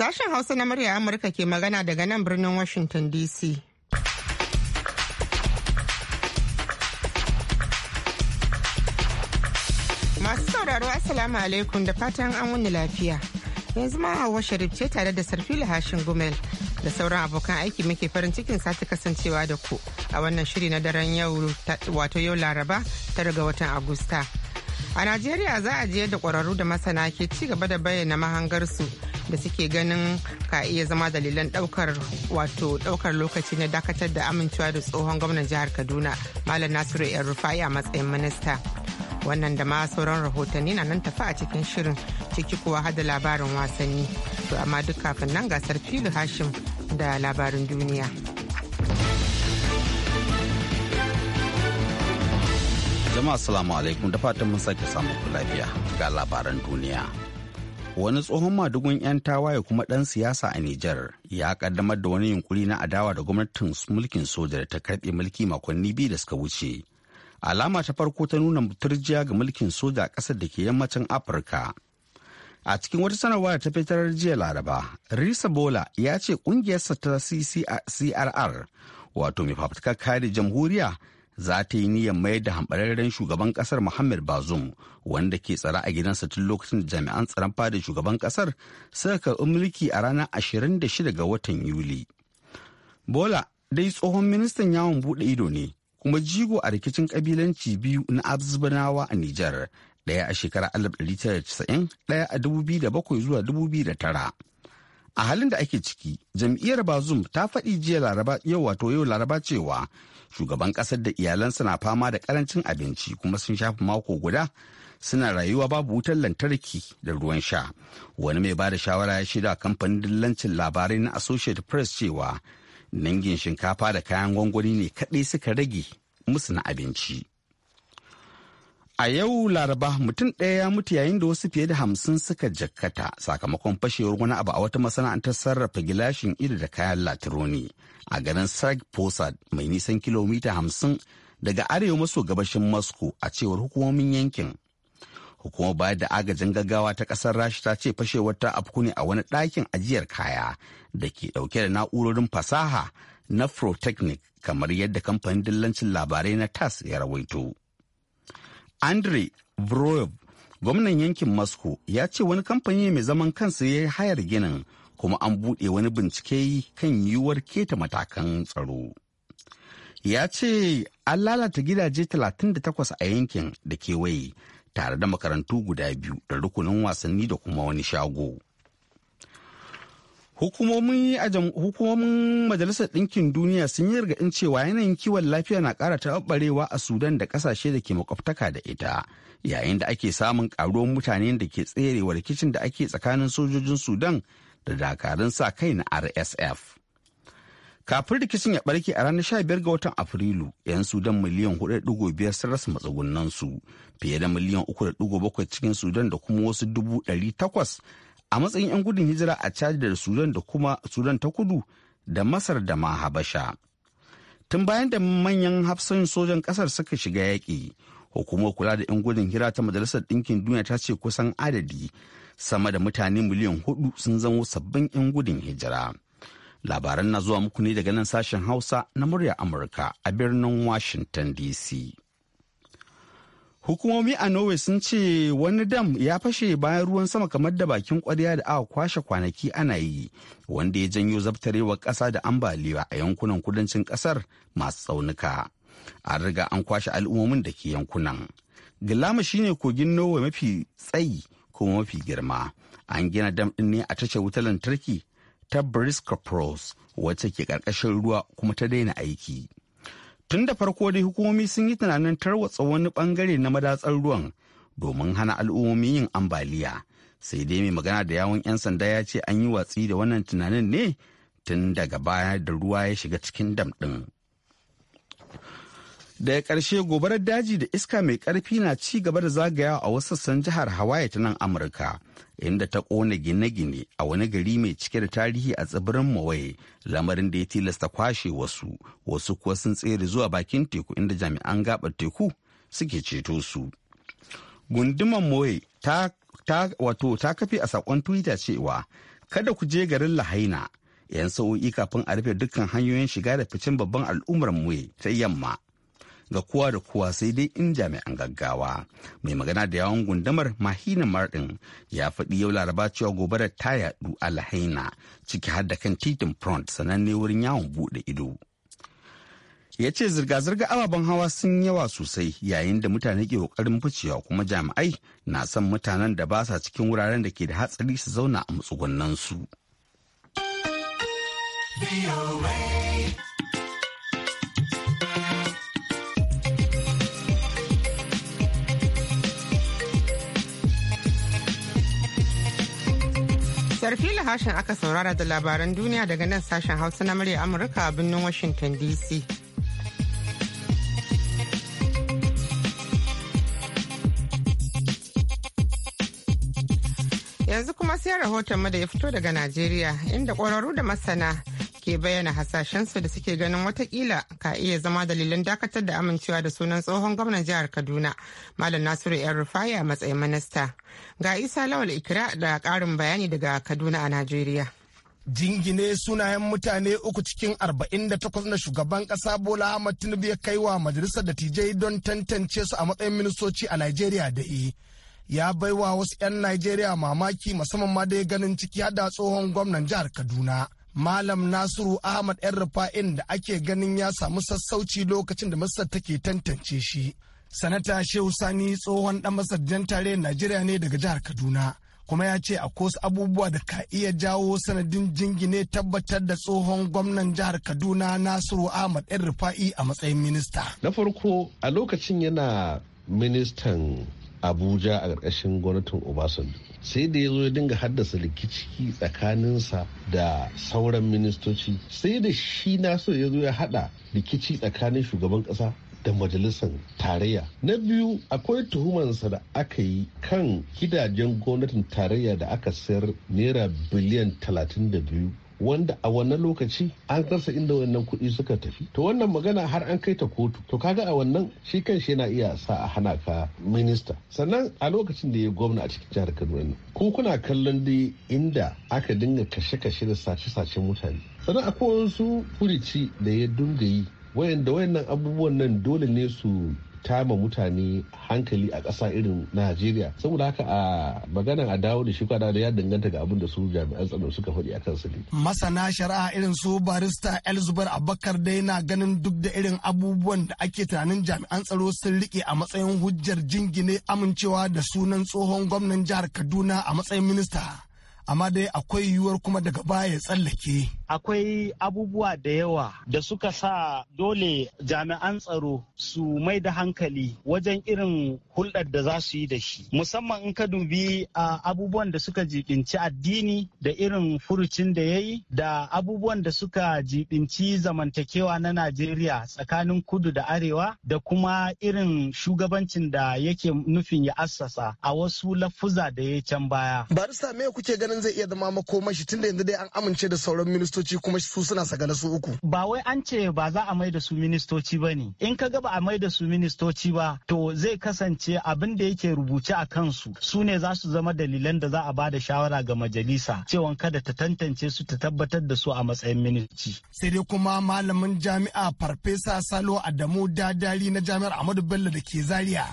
Sashen Hausa na murya Amurka ke magana daga nan birnin Washington DC. Masu sauraro Assalamu alaikum da fatan an wani lafiya. Yanzu ma Hauwa Sharif ce tare da sarfi Lahashin Gumel da sauran abokan aiki muke farin cikin sati kasancewa da ku a wannan shiri na daren yau wato yau Laraba ta ga watan Agusta. A Najeriya za a je da ƙwararru da masana ke ci gaba da bayyana mahangarsu da suke ganin ka iya zama dalilan daukar wato daukar lokaci na dakatar da amincewa da tsohon gwamnan jihar kaduna malam nasiru yan rufai a matsayin minista wannan da ma sauran rahotanni na nan tafi a cikin shirin ciki kuwa hada labarin wasanni to amma duk kafin nan gasar filu hashim da labarin duniya jama'a salamu alaikum da fatan mun sake samun lafiya ga labaran duniya wani tsohon madugun 'yan tawaye kuma ɗan siyasa a Nijar ya kaddamar da wani yunkuri na adawa da gwamnatin mulkin soja da ta karɓe mulki makonni biyu da suka wuce. Alama ta farko ta nuna turjiya ga mulkin soja a ƙasar da ke yammacin Afirka. A cikin wata sanarwa da ta fitar jiya Laraba, Risa Bola ya ce ƙungiyarsa ta CRR, wato mai fafutukar kare jamhuriya za ta yi niyyar mayar da hambararren shugaban kasar Muhammad Bazoum wanda ke tsara a gidansa tun lokacin da jami'an tsaron fada shugaban kasar suka karɓi mulki a ranar 26 ga watan Yuli. Bola dai tsohon ministan yawon buɗe ido ne kuma jigo a rikicin kabilanci biyu na Abzibanawa a Nijar ɗaya a shekarar 1990 ɗaya a 2007 zuwa 2009. a halin da ake ciki jam'iyyar bazum ta faɗi jiya laraba yau wato yau laraba cewa shugaban kasar da iyalansa na fama da karancin abinci kuma sun shafi mako guda suna rayuwa babu wutar lantarki da ruwan sha wani mai bada shawara ya shaida kamfanin dillancin labarai na associated press cewa dangin shinkafa da kayan gwangwani ne kaɗai suka rage musu na abinci. A yau Laraba mutum ɗaya ya mutu yayin da wasu fiye da hamsin suka jakkata sakamakon fashewar wani abu a wata masana'antar sarrafa gilashin ido da kayan latironi a garin Sark Posad mai nisan kilomita hamsin daga arewa maso gabashin Moscow a cewar hukumomin yankin. hukumar bayar da agajin gaggawa ta ƙasar rasha ta ce fashewar ta afku ne a wani ɗakin ajiyar kaya da ke ɗauke da na'urorin fasaha na protechnic kamar yadda kamfanin dillancin labarai na tas ya rawaito. andre vroev gwamnan yankin moscow ya ce wani kamfani mai zaman kansa ya hayar ginin kuma an buɗe wani bincike kan yiwuwar keta matakan tsaro ya ce an lalata gidaje 38 a yankin da kewaye tare da makarantu guda biyu da rukunin wasanni da kuma wani shago Hukumomin Majalisar Ɗinkin Duniya sun yi gargaɗin cewa yanayin kiwon lafiya na ƙara taɓarewa a Sudan da ƙasashe da ke makwabtaka da ita, yayin da ake samun ƙaruwar mutane da ke tserewa rikicin da ake tsakanin sojojin Sudan da dakarun sa kai na RSF. Kafin rikicin ya ɓarke a ranar 15 ga watan Afrilu, 'yan Sudan miliyan 4.5 sun rasa matsugunansu, fiye da miliyan 3.7 cikin Sudan da kuma wasu dubu 800 a matsayin 'yan gudun hijira a chad da sudan da kuma sudan ta kudu da masar da ma habasha tun bayan da manyan hafsan sojan kasar suka shiga yaƙi hukumar kula da 'yan gudun hira ta majalisar ɗinkin duniya ta ce kusan adadi sama da mutane miliyan hudu sun zamo sabbin 'yan gudun hijira labaran na zuwa muku ne daga nan sashen hausa na murya amurka a birnin washington dc Hukumomi a Norway sun ce wani dam ya fashe bayan ruwan sama kamar da bakin kwarya da aka kwashe kwanaki ana yi, wanda ya janyo zabtarewa ƙasa da ambaliya a yankunan kudancin ƙasar masu tsaunuka. An riga an kwashe al'ummomin da ke yankunan. Gilama shine kogin Norway mafi tsayi kuma mafi girma. An gina dam ɗin ne a tashar wutar lantarki ta Briska Pros wacce ke ƙarƙashin ruwa kuma ta daina aiki. Tun da farko dai hukumomi sun yi tunanin tarwatsa wani bangare na madatsar ruwan domin hana al'ummomi yin ambaliya. Sai dai mai magana da yawon 'yan sanda ya ce an yi watsi da wannan tunanin ne tun daga baya da ruwa ya shiga cikin dam ɗin. daga ƙarshe gobarar daji da iska mai ƙarfi na ci gaba da zagaya a wasu sassan jihar hawaii ta nan amurka inda ta ƙona gine-gine a wani gari mai cike da tarihi a tsibirin mawaye lamarin da ya tilasta kwashe wasu wasu kuwa sun tsere zuwa bakin teku inda jami'an gaɓar teku suke ceto su gunduman moye ta, wato ta kafe a saƙon twitter cewa kada ku je garin lahaina 'yan sa'o'i kafin a rufe dukkan hanyoyin shiga da ficen babban al'ummar moye ta yamma ga kowa da kowa sai dai in jami'an gaggawa mai magana da yawon gundumar mahina martin ya faɗi yau laraba cewa gobarar ta yaɗu lahaina ciki har da kan titin front sananne wurin yawon buɗe ido ya ce zirga-zirga ababen hawa sun yawa sosai yayin da mutane ke kokarin ficewa kuma jami'ai na son mutanen da ba sa cikin wuraren da ke da hatsari su zauna a matsugunansu. Sarfila Harshen aka saurara da labaran duniya daga nan sashen Hausa na murya Amurka a birnin Washington DC. Yanzu kuma sai rahoton da ya fito daga Najeriya inda ƙwararru da masana ke bayyana hasashensu da suke ganin watakila ka iya zama dalilan dakatar da amincewa da sunan tsohon gwamnan jihar kaduna malam nasiru yan rufai a matsayin minista ga isa lawal ikira da karin bayani daga kaduna a najeriya jingine sunayen mutane uku cikin 48 na shugaban kasa bola ahmad tinubu ya kai wa majalisar dattijai don tantance su a matsayin ministoci a najeriya da e ya baiwa wasu 'yan najeriya mamaki musamman ma dai ganin ciki hada tsohon gwamnan jihar kaduna Malam Nasiru Ahmad 'yan rufa'in da ake ganin ya samu sassauci lokacin da Masar take tantance shi. Sanata Shehu Sani tsohon ɗan Masar jan tare Najeriya ne daga jihar Kaduna. kuma ya ce akwai wasu abubuwa da ka iya jawo sanadin jingine tabbatar da tsohon gwamnan jihar kaduna nasiru ahmad yan rufa'i a matsayin minista na farko a lokacin yana ministan abuja a ƙarƙashin gwamnatin obasanjo sai da ya zo ya dinga haddasa rikici tsakaninsa da sauran ministoci sai da shi so ya zo ya hada rikici tsakanin shugaban kasa da majalisar tarayya na biyu akwai tuhumansa da aka yi kan gidajen gwamnatin tarayya da aka sayar naira biliyan 32 wanda a wannan lokaci an rasa inda wannan kuɗi suka tafi to wannan magana har an kai ta kotu to kaga a wannan shi kan shi yana iya sa a hana ka minista sannan a lokacin da ya gwamna a cikin jihar Kaduna ko kuna kallon dai inda aka dinga kashe-kashe da sace-sacen mutane sannan akwai wasu furici da ya dunga yi wayanda wayannan abubuwan nan dole ne su tama mutane hankali a ƙasa irin najeriya saboda haka a maganar a dawo da shi kwada da ya danganta ga abin da su jami'an tsaro suka faɗi a kansu ne masana shari'a irin su barista elzubar abakar dai na ganin duk da irin abubuwan da ake tunanin jami'an tsaro sun riƙe a matsayin hujjar jingine amincewa da sunan tsohon gwamnan jihar kaduna a matsayin minista amma dai akwai yiwuwar kuma daga baya tsallake. Akwai abubuwa da yawa da suka sa dole jami'an tsaro su mai da hankali wajen irin hulɗar da za su yi da shi musamman in ka dubi abubuwan da suka jibinci addini da irin furucin da ya yi da abubuwan da suka jibinci zamantakewa na najeriya tsakanin kudu da arewa da kuma irin shugabancin da yake nufin ya assasa a wasu lafuza da ya can baya barista me kuke ganin zai iya zama makomashi tunda yanzu dai an amince da sauran ministoci kuma su suna sagala su uku ba wai an ce ba za a mai da su ministoci ba ne in ka ga ba a mai da su ministoci ba to zai kasance ce abin da yake rubuce a kansu su ne za su zama dalilan da za a ba da shawara ga majalisa cewa kada ta tantance su ta tabbatar da su a matsayin ministi. Sai dai kuma malamin jami'a Farfesa Salo Adamu Dadari na jami'ar Ahmadu Bello da ke Zaria.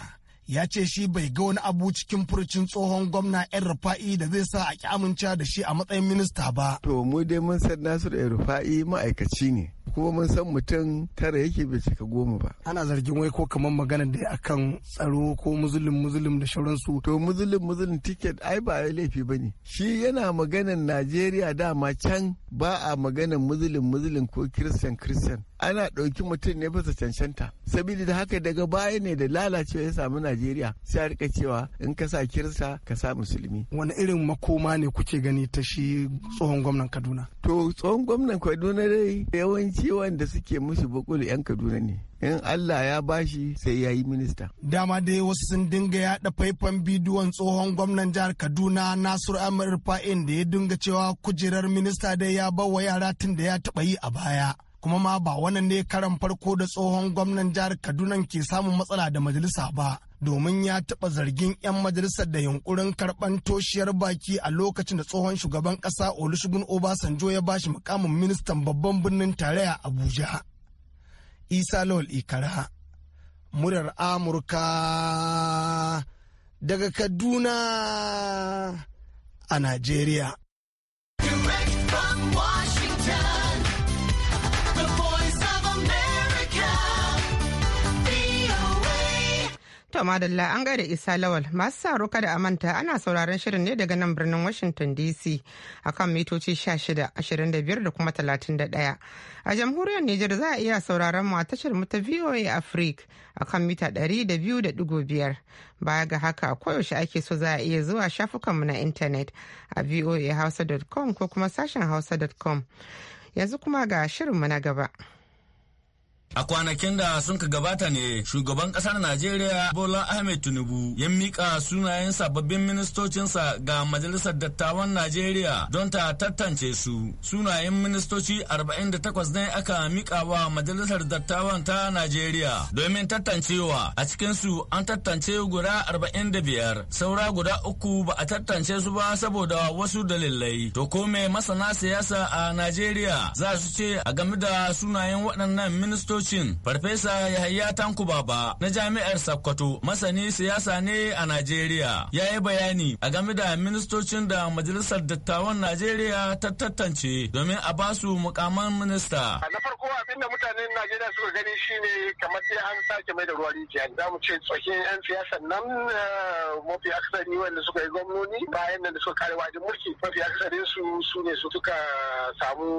ya ce shi bai ga wani abu cikin furucin tsohon gwamna yan rufa'i da zai sa a ki amince da shi a matsayin minista ba. To mu dai mun san Nasiru yan rufa'i ma'aikaci ne kuma mun san mutum tara yake bai cika goma ba ana zargin wai ko kamar magana da akan tsaro ko muzulun muzulun da su. to muzulun muzulun ticket ai ba laifi ba ne shi yana maganan najeriya dama can ba a maganan muzulun muzulun ko christian christian ana ɗauki mutum ne bisa cancanta saboda haka daga baya ne da lalacewa ya samu najeriya sai a rika cewa in ka sa kirista ka sa musulmi wani irin makoma ne kuke gani ta shi tsohon gwamnan kaduna to tsohon gwamnan kaduna dai yawanci Ciwon wanda suke musu bakulu 'yan kaduna ne in allah ya bashi sai ya yi minista dama dai wasu sun dinga yaɗa faifan bidiyon tsohon gwamnan jihar kaduna nasiru amir fa'in da ya dinga cewa kujerar minista dai ya bawa yara tun da ya taɓa yi a baya kuma ma ba wannan ne karan farko da tsohon gwamnan jihar kaduna ke samun matsala da majalisa ba domin ya taɓa zargin 'yan majalisar da yunkurin karɓan toshiyar baki a lokacin da tsohon shugaban ƙasa olusegun obasanjo ya bashi mukamin ministan babban birnin tarayya abuja isa lawal ikara murar amurka daga kaduna a najeriya Washington. To madalla an gaida Isa Lawal masu saro kada a manta ana sauraron shirin ne daga nan birnin Washington DC akan mitoci 16, da kuma 31. A jamhuriyar Nijar za a iya sauraron mu a tashar mu ta VOA Africa akan mita 200.5. Baya ga haka a koyaushe ake so za a iya zuwa shafukanmu na intanet a voahausa.com ko kuma sashen hausa.com. Yanzu kuma ga shirinmu na gaba. A kwanakin da sun ka gabata ne shugaban ƙasar Najeriya Bola Ahmed Tinubu ya mika sunayen sababbin ministocinsa ga Majalisar Dattawan Najeriya don ta tantance su. Sunayen ministoci 48 ne aka mika wa Majalisar Dattawan ta Najeriya domin tantancewa. A cikinsu an tantance guda 45, saura guda uku ba a tantance su ba saboda wasu dalilai. To ko masana siyasa a Najeriya za su ce a game da sunayen waɗannan ministoci kiristocin farfesa yahaya tanku baba na jami'ar sakkwato masani siyasa ne a najeriya ya yi bayani a game da ministocin da majalisar dattawan najeriya ta tattance domin a ba su mukaman minista na farko abin da mutanen najeriya suka gani shine kamar sai an sake mai da ruwa rijiya za mu ce tsohon yan siyasa nan eh, mafi akasari wanda suka yi gwamnoni bayan nan da suka kare wajen mulki mafi akasari su su ne su suka samu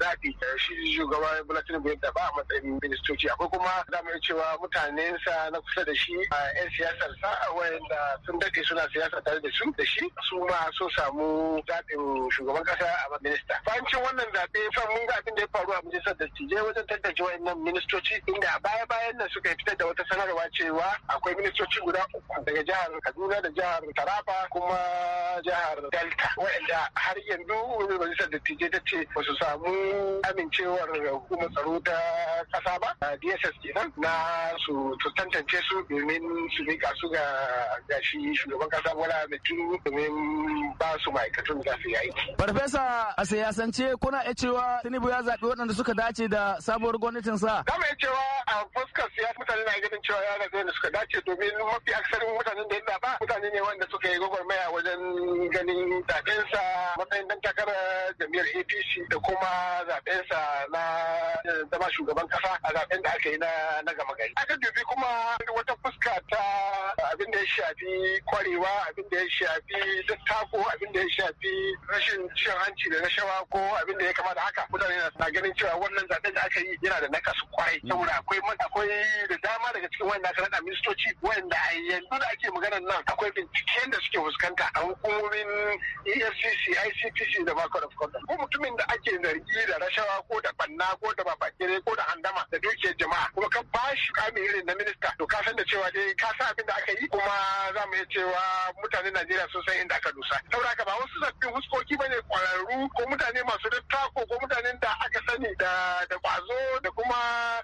zaɓi eh, shi shugaban bulatin da ba ɗin ministoci akwai kuma zamu cewa mutanensa na kusa da shi a 'yan siyasar wayanda sun daɗe suna siyasa tare da su da shi su ma so samu zaɓin shugaban kasa a minista. Bayancin wannan zaɓe fa mun ga abin da faru a majalisar dattijai wajen tantance wayannan ministoci inda baya bayan nan suka fitar da wata sanarwa cewa akwai ministoci guda uku daga jihar Kaduna da jihar Taraba kuma jihar Delta wanda har yanzu majalisar dattijai ta ce ba su samu amincewar hukumar tsaro ta kasa ba DSS kenan na su tantance su domin su mika su ga gashi shugaban kasa wala da Tinubu domin ba su ma'aikatun da su yi aiki. Farfesa a siyasance kuna iya cewa Tinubu ya zaɓi waɗanda suka dace da sabuwar gwamnatin sa. Za cewa a fuskar siyasa mutane na ganin cewa ya zaɓe da suka dace domin mafi aksarin mutanen da ya ba mutane ne wanda suka yi gwagwarmaya wajen ganin zaɓensa matsayin dan takarar jam'iyyar APC da kuma zaɓensa na eh, zama shugaban ƙasa a zaɓen da aka yi na gama gari. Aka dubi kuma wata fuska ta abin da ya shafi kwarewa abin da ya shafi dattako abin da ya shafi rashin cin hanci da rashawa ko abin da ya kamata haka mutane na ganin cewa wannan zaɓen da aka yi yana da nakasu kwarai mm. saboda akwai akwai da dama daga cikin wanda aka naɗa ministoci wanda a yanzu da ake maganar nan akwai binciken da suke fuskanta a hukumomin EFCC ICPC da ka of Conduct ko mutumin da ake zargi da rashawa ko da banna ko da babakire ko da andama da dukiyar jama'a kuma ka ba shi kamin irin na minista to ka san da cewa dai ka san abin da aka yi kuma za mu iya cewa mutanen Najeriya sun san inda aka dusa saboda haka ba wasu sabbin huskoki ne kwararru ko mutane masu dattako ko mutanen da aka sani da da kwazo da kuma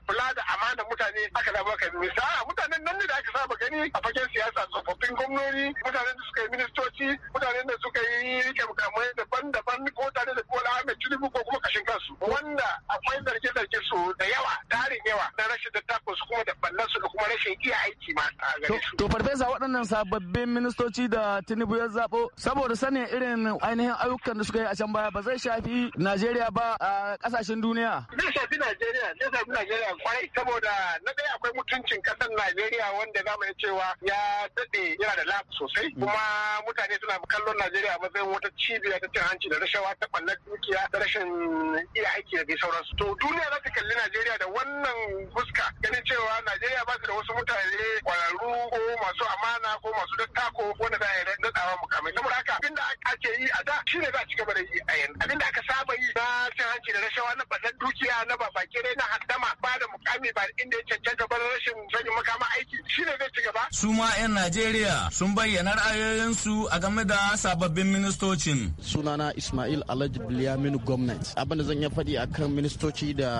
kula da amana mutane aka da maka misali mutanen nan ne da aka saba gani a fagen siyasa tsofaffin gwamnoni mutanen da suka yi ministoci mutanen da suka yi rike mukamai daban-daban ko tare da Bola Ahmed Tinubu ko kuma kashin kansu wanda akwai zarge-zarge su da yawa tarin yawa na rashin dattakon su kuma da ballan su da kuma rashin iya aiki ma a gare su. To farfesa waɗannan sababbin ministoci da Tinubu ya zaɓo saboda sanin irin ainihin ayyukan da suka yi a can baya ba zai shafi Najeriya ba a ƙasashen yammacin duniya? Zai shafi Najeriya, zai shafi Najeriya kwarai saboda na ɗaya akwai mutuncin ƙasar Najeriya wanda za mu cewa ya daɗe yana da lab sosai mm. kuma mutane suna kallon Najeriya a matsayin wata cibiya ta cin hanci da rashawa ta ɓallar dukiya da rashin iya aiki da sauransu. To duniya za ta kalli Najeriya da wannan fuska ganin cewa Najeriya ba su da wasu mutane kwararru ko masu amana ko masu dattako wanda za a yi daɗawa mukamai. Saboda haka abinda ake yi a da shi ne za a ci gaba da yi a yanzu. Abinda aka saba yi na cin hanci da rashawa na da dukiya na dai na haddama ba da mukami ba inda ya cancanta ba rashin sanya makama aiki shi ne zai ci gaba. su ma 'yan najeriya sun bayyana ra'ayoyinsu a game da sababbin ministocin. sunana ismail alhaji biliyamin gwamnati abin da zan iya faɗi akan ministoci da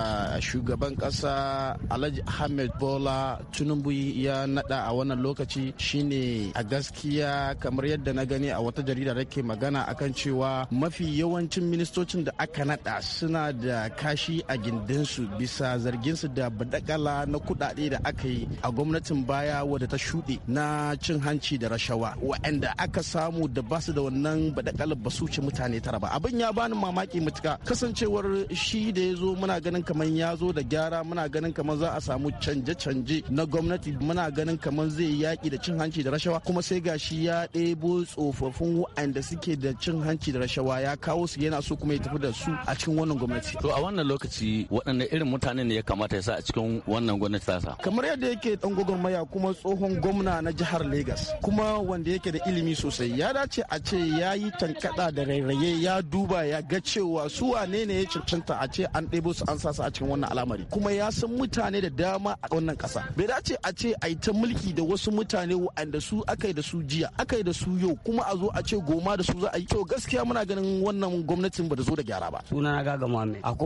shugaban ƙasa alhaji ahmed bola tinubu ya naɗa a wannan lokaci shine a gaskiya kamar yadda na gani a wata jarida da ke magana akan cewa mafi yawancin ministocin da aka naɗa suna da kashi a gindinsu bisa zarginsu da badakala na kudade da aka yi a gwamnatin baya wadda ta shuɗe na cin hanci da rashawa waɗanda aka samu da ba su da wannan badakalar ba su ci mutane tara ba abin ya bani mamaki mutuka kasancewar shi da ya zo muna ganin kamar ya zo da gyara muna ganin kamar za a samu canje-canje na gwamnati muna ganin kamar zai yaki da cin hanci da rashawa kuma sai ga gashi ya ɗebo tsofaffin waɗanda suke da cin hanci da rashawa ya kawo su yana so kuma ya tafi da su a cikin wannan gwamnati to a wannan lokaci waɗanne irin mutane ne ya kamata ya sa a cikin wannan gwamnati tasa. Kamar yadda yake ɗan gwagwarmaya kuma tsohon gwamna na jihar Legas kuma wanda yake da ilimi sosai ya dace a ce ya yi tankada da rairaye ya duba ya ga cewa su wane ne ya cancanta a ce an ɗebo su an sasa a cikin wannan al'amari kuma ya san mutane da dama a wannan ƙasa. Bai dace a ce a yi ta mulki da wasu mutane waɗanda su aka da su jiya aka yi da su yau kuma a zo a ce goma da su za a yi. To gaskiya muna ganin wannan gwamnatin ba da zo da gyara ba. Sunana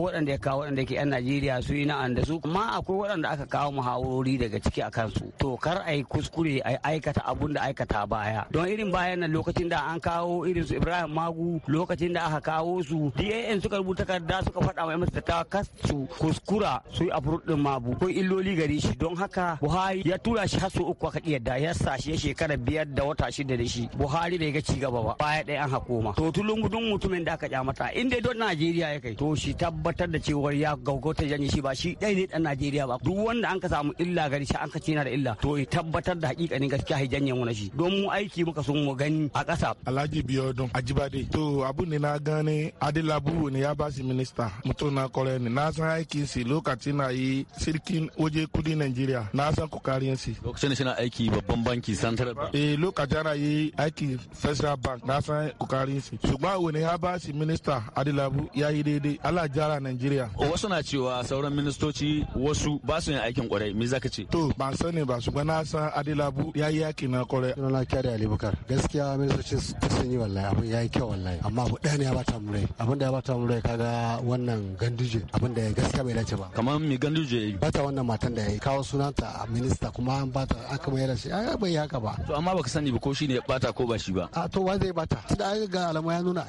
akwai waɗanda ya kawo waɗanda ke 'yan najeriya su yi na'an da su amma akwai waɗanda aka kawo muhawarori daga ciki a kansu to kar a yi kuskure a aikata abun da aikata baya don irin bayan nan lokacin da an kawo irin su ibrahim magu lokacin da aka kawo su dan suka rubuta takarda suka faɗa wa masa ta kasu kuskura su yi afurut din mabu ko illoli gare shi don haka buhari ya tura shi hasu uku aka yadda ya sa shi shekara biyar da wata shida da shi buhari bai ga cigaba ba baya ɗaya an hakoma to tulungudun gudun mutumin da aka kya in dai don najeriya ya kai to shi tabbata tabbatar da cewar ya ta janye shi ba shi ɗaya ne ɗan Najeriya ba duk wanda an ka samu illa gari shi an ka ce yana da illa to ya tabbatar da hakikanin gaskiya ya janye mu shi don mu aiki muka sun mu gani a ƙasa. Alhaji Biyodun Ajibade to abu ne na gane Adilabu ne ya ba shi minista mutum na kore ne na san aikin shi lokacin na yi sirkin waje kudi Najeriya na san kokarin shi. Lokacin da shi na aiki babban banki Central Bank. Eh lokaci na yi aiki Central Bank na san kokarin shi. Ṣùgbọ́n ne ya ba shi minista Adilabu ya yi daidai. Allah jara Najeriya. Wasu na cewa sauran ministoci wasu ba su yin aikin kwarai me zaka ce? To ba sani ba su bana san Adilabu ya yi yaki na kwarai. Suna na kyari Ali Bukar. Gaskiya ministoci sun yi wallahi abin ya yi kyau wallahi amma abu ɗaya ne ya bata mu abin da ya bata mu rai kaga wannan ganduje abin da gaskiya bai dace ba. Kamar me ganduje ya yi? Bata wannan matan da ya yi kawo sunanta a minista kuma an bata aka mai da shi ya bai haka ba. To amma baka sani ba ko shi ne ya bata ko ba shi ba. A to wa zai bata? Tunda ai ga alamu ya nuna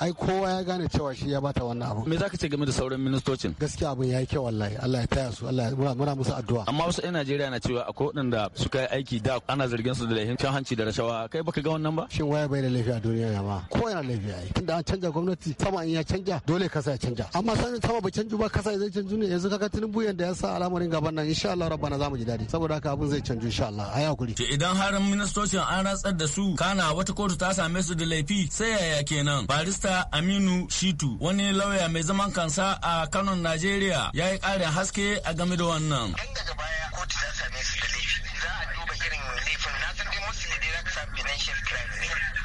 Ai kowa ya gane cewa shi ya bata wannan abu me zaka ce game da sauran ministocin gaskiya abun yayi kyau wallahi Allah ya taya su Allah muna muna musu addu'a amma wasu ɗan Najeriya na cewa akwai waɗanda suka yi aiki da ana zargin su da laifin cin hanci da rashawa kai baka ga wannan ba shin waye bai da laifi a duniya ya ma ko yana laifi ai tunda an canja gwamnati sama in ya canja dole kasa ya canja amma sanin sama ba canju ba kasa zai canju ne yanzu kaga tunubu yanda ya sa al'amarin gaban nan insha Allah rabbana zamu ji dadi saboda haka abun zai canju insha Allah ayi hakuri to idan har ministocin an ratsar da su kana wata kotu ta same su da laifi sai yaya kenan barista Aminu Shitu wani lawyer lauya mai zaman kansa a Kano Najeriya ya yi ƙarin haske a game da wannan. Dan daga baya kotu su da laifi za a duba irin laifin na san musu ne financial crime ne.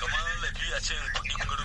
a ce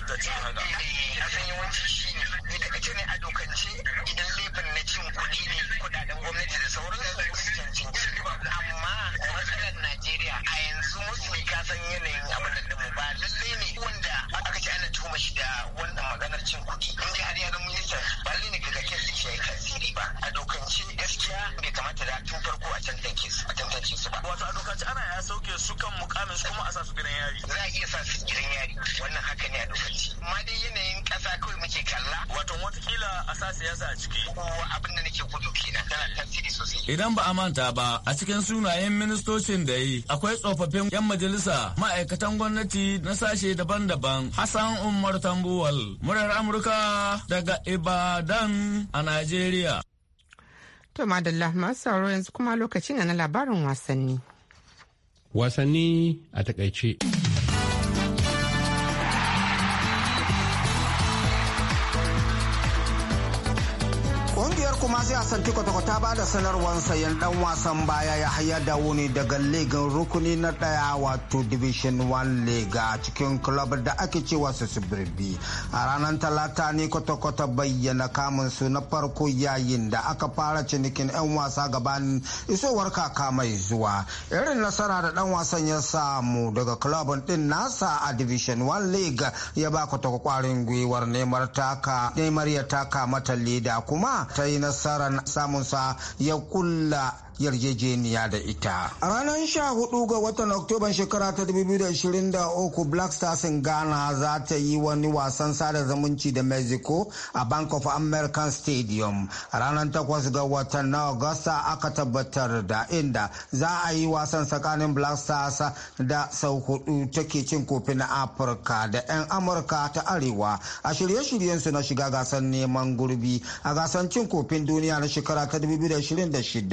da cin haka. Eh, eh, a san yawanci shi ne ita ce ne a dokance idan laifin na cin kuɗi ne kuɗaɗen gwamnati da sauran da su cancanci amma matsalar najeriya a yanzu musulmi ka san yanayin abin da mu ba lallai ne wanda aka ce ana tuhuma shi da wannan maganar cin kuɗi in dai har ya zama minista ba lalle ne ga lishi ya yi tasiri ba a dokance gaskiya bai kamata da tun farko a tantance su a tantance su ba. wato a dokance ana ya sauke su kan mukamin su kuma a sa su gidan yari. za a iya sa su gidan yari. wannan haka ne a lokaci amma dai yanayin ƙasa kawai muke kalla wato watakila a sa siyasa a ciki ko abin da nake gudu kenan tana tasiri sosai idan ba a manta ba a cikin sunayen ministocin da yi akwai tsofaffin yan majalisa ma'aikatan gwamnati na sashe daban-daban hassan umar tambuwal murar amurka daga ibadan a najeriya to madalla masu sauro yanzu kuma lokacin na labarin wasanni wasanni a takaice wasan kwata-kwata ba da sanarwar sayan dan wasan baya ya haya da wuni daga ligin rukuni na daya wato division 1 league a cikin club da ake cewa su birbi a ranar talata ne kwata-kwata bayyana kamun su na farko yayin da aka fara cinikin 'yan wasa gabanin isowar kaka mai zuwa irin nasara da dan wasan ya samu daga club din nasa a division 1 league ya ba kwata kwarin gwiwar neman ya taka mata leda kuma ta yi nasarar samunsa ya kulla yarjejeniya da ita. A ranar sha hudu ga watan Oktoban shekara ta 2023 Black Stars in Ghana za ta yi wani wasan sada zumunci da Mexico a Bank of American Stadium. A ranar takwas ga watan na Augusta aka tabbatar da inda za a yi wasan tsakanin Black Stars da sau hudu take cin kofi na Afirka da 'yan Amurka ta Arewa a shirye-shiryensu na shiga gasar neman gurbi a gasar cin kofin duniya na shekara ta 2026.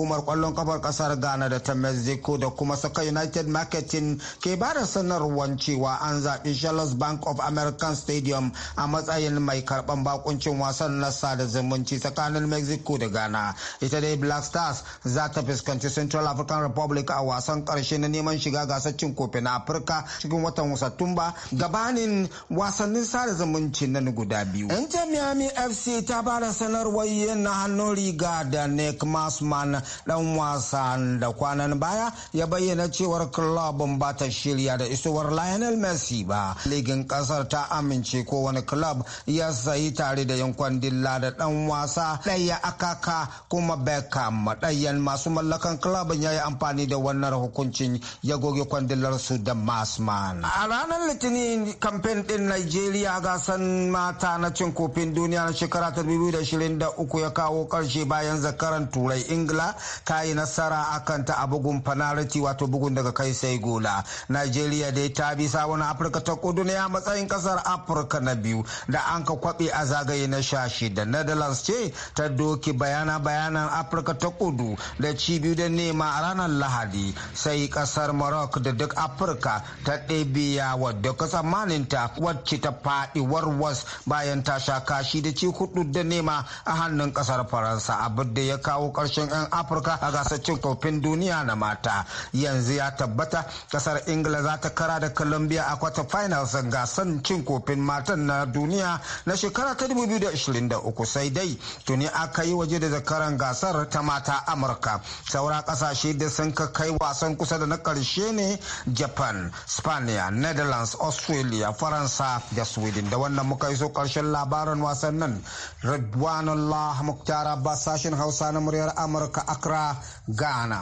hukumar kwallon kafar kasar ghana da ta mexico da kuma saka united marketing ke ba da sanarwar cewa an zaɓi charles bank of american stadium a matsayin mai karɓan bakuncin wasan na sada zumunci tsakanin mexico da ghana ita dai black stars za ta fuskanci central african republic a wasan ƙarshe na neman shiga gasar cin kofi na afirka cikin watan satumba gabanin wasannin sada zumunci nan guda biyu inter miami fc ta ba da sanarwar yin na hannun riga da nick masman dan wasan da kwanan baya ya bayyana cewar club ba ta shirya da isowar Lionel Messi ba. Ligin kasar ta amince ko wani club ya sayi tare da yan dilla da dan wasa daya akaka kuma Beckham madayan masu mallakan club ya yi amfani da wannan hukuncin ya goge kwandilar su da Masman. A ranar Litinin kamfen ɗin Nigeria gasan mata na cin kofin duniya na shekara ta 2023 ya kawo karshe bayan zakaran Turai Ingila ta yi nasara akan ta a bugun fanarati wato bugun daga kai sai gola. nigeria dai ta bi sabon Afirka ta kudu ne a matsayin kasar Afirka na biyu da an ka kwabe a zagaye na sha shida. Netherlands ce ta doki bayana bayanan Afirka ta kudu da cibiyu da nema a ranar Lahadi sai kasar Morocco da duk Afirka ta ɗabiya wadda kasar maninta wacce ta faɗi warwas bayan ta sha kashi da ci hudu da nema a hannun kasar Faransa abin da ya kawo ƙarshen 'yan afirka a gasar cin kofin duniya na mata yanzu ya tabbata kasar ingila za ta kara da colombia a kwata finals gasar cin kofin matan na duniya na shekara ta 2023 sai dai tuni aka yi waje da zakaran gasar ta mata amurka saura kasashe da sun ka kai wasan kusa da na karshe ne japan spania netherlands australia faransa da sweden da wannan muka iso karshen labarin wasannin radwanullah muktar abbas sashen hausa na muryar amurka Accra, Ghana.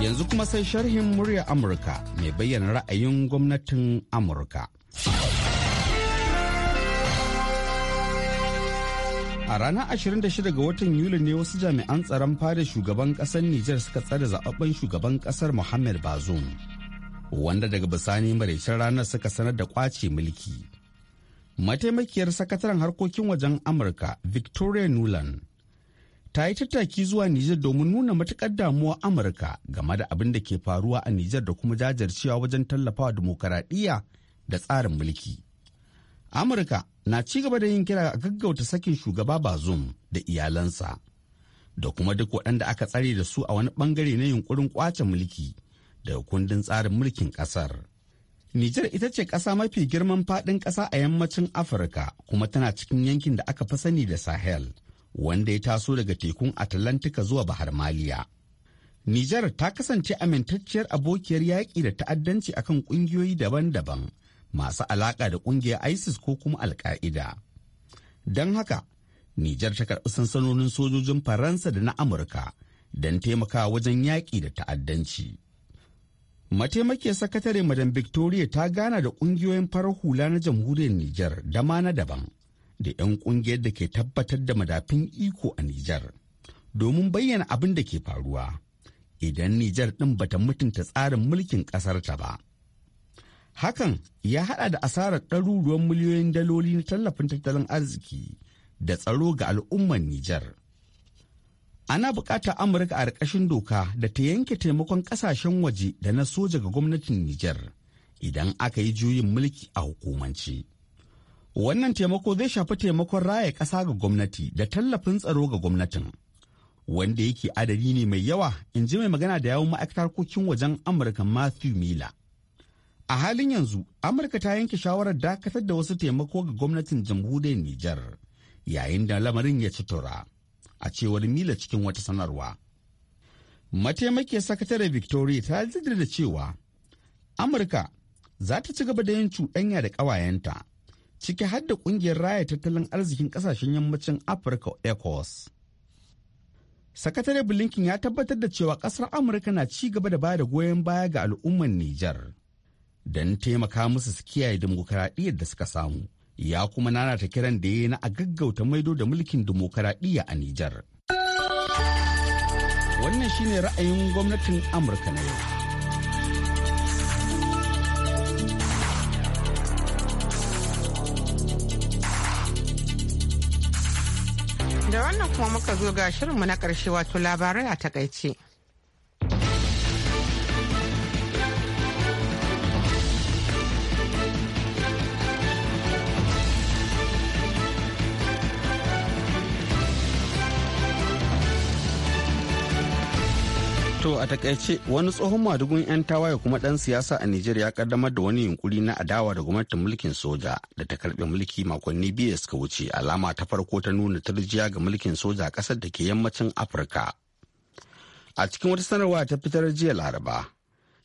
Yanzu kuma sai sharhin murya Amurka mai bayyana ra'ayin gwamnatin Amurka. A ranar 26 ga watan Yuli ne wasu jami'an tsaron fada shugaban kasar Nijar suka tsare zababben shugaban kasar Mohamed Bazoum. wanda daga bisani maraicin ranar suka sanar da kwace mulki. Mataimakiyar sakataren harkokin wajen Amurka Victoria Nuland ta yi tattaki zuwa Nijar domin nuna matuƙar damuwa Amurka game da abin da ke faruwa a Nijar da kuma jajircewa wajen tallafawa dimokuraɗiyya da tsarin mulki. Amurka na ci gaba da yin kira a gaggauta sakin shugaba Bazoum da iyalansa da kuma duk waɗanda aka tsare da su a wani ɓangare na yunkurin kwace mulki. daga kundin tsarin mulkin kasar. Nijar ita ce ƙasa mafi girman faɗin ƙasa a yammacin Afirka kuma tana cikin yankin da aka fi sani da Sahel, wanda ya taso daga tekun Atlantika zuwa Bahar Maliya. Nijar ta kasance amintacciyar abokiyar yaƙi da ta'addanci akan ƙungiyoyi daban-daban masu alaƙa da ƙungiyar ISIS ko kuma Alƙa'ida. Don haka, Nijar ta karɓi sansanonin sojojin Faransa da na Amurka don taimakawa wajen yaƙi da ta'addanci. mataimakiyar sakatare madam victoria ta gana da ƙungiyoyin farar hula na jamhuriyar Nijar da ma na daban da 'yan ƙungiyar da ke tabbatar da madafin iko a Nijar domin bayyana abin da ke faruwa idan nijar ɗin bata mutunta tsarin mulkin ƙasarta ba hakan ya haɗa da asarar ɗaruruwan miliyoyin daloli na tallafin tattalin arziki da tsaro ga al'ummar Nijar. ana buƙatar amurka a ƙarƙashin doka da ta yanke taimakon ƙasashen waje da na soja ga gwamnatin nijar idan aka yi juyin mulki a hukumanci wannan taimako zai shafi taimakon raya ƙasa ga gwamnati da tallafin tsaro ga gwamnatin wanda yake adadi ne mai yawa in ji mai magana da yawon ma'aikatar kokin wajen amurka matthew miller a halin yanzu amurka ta yanke shawarar dakatar da wasu taimako ga gwamnatin jamhuriyar nijar yayin da lamarin ya ci tura. a cewar mila cikin wata sanarwa mataimakiyar sakatare victoria ta da cewa amurka za ta ci gaba da yin cuɗanya da ƙawayenta ciki har ƙungiyar raya tattalin arzikin ƙasashen yammacin afirka ecos sakatare blinken ya tabbatar da cewa ƙasar amurka na ci gaba da bada goyon baya ga al'ummar nijar don taimaka musu su kiyaye dimokuraɗiyyar da suka samu ya kuma nanata kiran da ya yi na a gaggauta maido da mulkin dimokuraɗiyya a Nijar. Wannan shine ra'ayin gwamnatin Amurka na yau. Da wannan kuma muka zo ga shirinmu na ƙarshe wato labarai a takaice. To a takaice wani tsohon madugun 'yan tawaye kuma ɗan siyasa a Nijar ya kaddamar da wani yunkuri na adawa da gwamnatin mulkin soja da ta karbe mulki makonni biyu da suka wuce alama ta farko ta nuna turjiya ga mulkin soja a ƙasar da ke yammacin Afirka. A cikin wata sanarwa ta fitar jiya Laraba,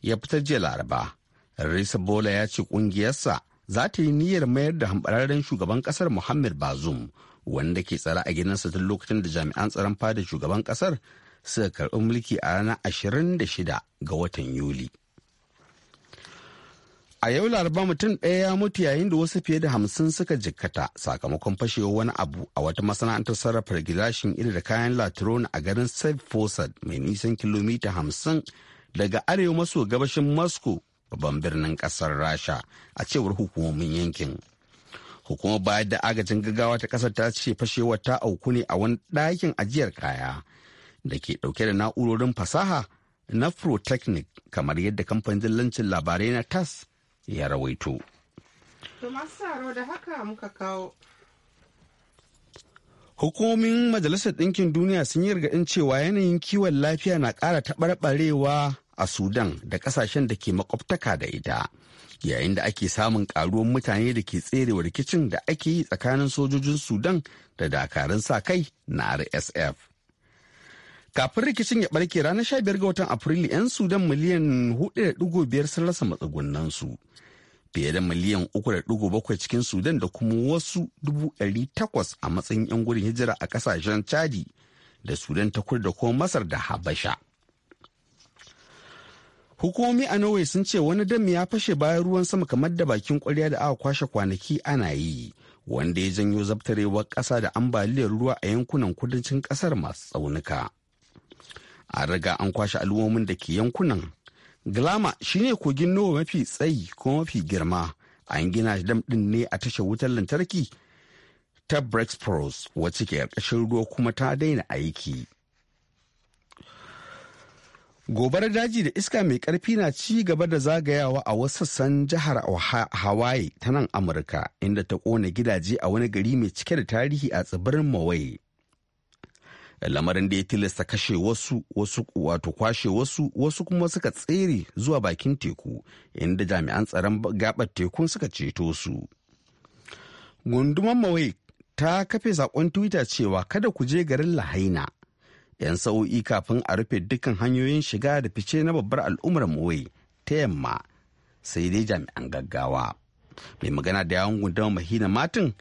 ya fitar jiya Laraba, Risa Bola ya ce kungiyarsa za ta yi niyyar mayar da hambararren shugaban kasar Muhammad bazum wanda ke tsara a gidansa tun lokacin da jami'an tsaron fada shugaban kasar. suka karɓi mulki a ranar 26 ga watan Yuli. A yau laraba mutum ɗaya ya mutu yayin da wasu fiye da hamsin suka jikkata sakamakon fashewar wani abu a wata masana'antar sarrafa gilashin iri da kayan latron a garin St. Fosad mai nisan kilomita hamsin daga arewa maso gabashin Moscow babban birnin ƙasar Rasha a cewar hukumomin yankin. Hukumar bayar da agajin gaggawa ta ƙasar ta ce fashewar ta auku ne a wani ɗakin ajiyar kaya da ke dauke da na'urorin fasaha na Protechnic kamar yadda kamfanin dillancin labarai na TAS ya rawaito. Hukumomin Majalisar Ɗinkin Duniya sun yi rigaɗin cewa yanayin kiwon lafiya na ƙara taɓarɓarewa a Sudan da ƙasashen da ke makwabtaka da ita, yayin da ake samun ƙaruwar mutane da ke tserewa rikicin da ake yi tsakanin sojojin Sudan da dakarun sa kai na RSF. kafin rikicin ya barke ranar 15 ga watan afrilu 'yan sudan miliyan 4.5 sun rasa matsugunansu fiye da miliyan 3.7 cikin sudan da kuma wasu 800 a matsayin 'yan gudun hijira a kasashen chadi da sudan ta Kudu da kuma masar da habasha hukumomi a norway sun ce wani dam ya fashe bayan ruwan sama kamar da bakin kwarya da aka kwashe kwanaki ana yi wanda ya janyo zabtarewar ƙasa da ambaliyar ruwa a yankunan kudancin ƙasar masu tsaunuka a riga an kwashe al'ummomin da ke yankunan glama shine kogin nowa mafi tsayi ko mafi girma an gina dam din ne a tashar wutar lantarki ta brexpros wacce ke ƙarƙashin ruwa kuma ta daina aiki gobarar daji da iska mai ƙarfi na ci gaba da zagayawa a wasu sassan jihar hawaii ta nan amurka inda ta kona gidaje a wani gari mai cike da tarihi a tsibirin mawai lamarin da ya tilasta kashe wasu wasu wato kwashe wasu wasu kuma suka tsere zuwa bakin teku inda jami'an tsaron gabar tekun suka ceto su Gunduman mawai ta kafe sakon twitter cewa kada ku je garin lahaina yan sa'o'i kafin a rufe dukkan hanyoyin shiga da fice na babbar al'ummar mawai ta yamma sai dai jami'an gaggawa mai magana da yawon gundumar mahina Martin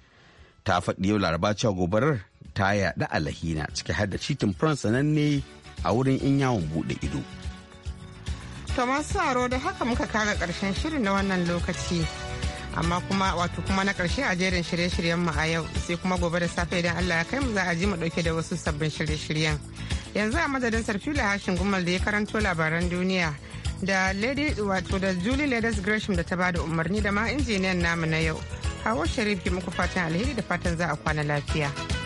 ta faɗi yau laraba cewa gobarar ta yaɗa alahina ciki har da citin france sananne a wurin in yawon buɗe ido Thomas Saro da haka muka kara karshen shirin na wannan lokaci amma kuma wato kuma na karshe a jerin shirye-shiryen mu a yau sai kuma gobe da safe idan allah ya kai mu za a ji mu ɗauke da wasu sabbin shirye-shiryen yanzu a madadin sarfila hashin gumal da ya karanto labaran duniya da lady wato da julie ladies gresham da ta bada umarni da ma injiniyan namu na yau hawa sharif ki muku fatan alheri da fatan za a kwana lafiya.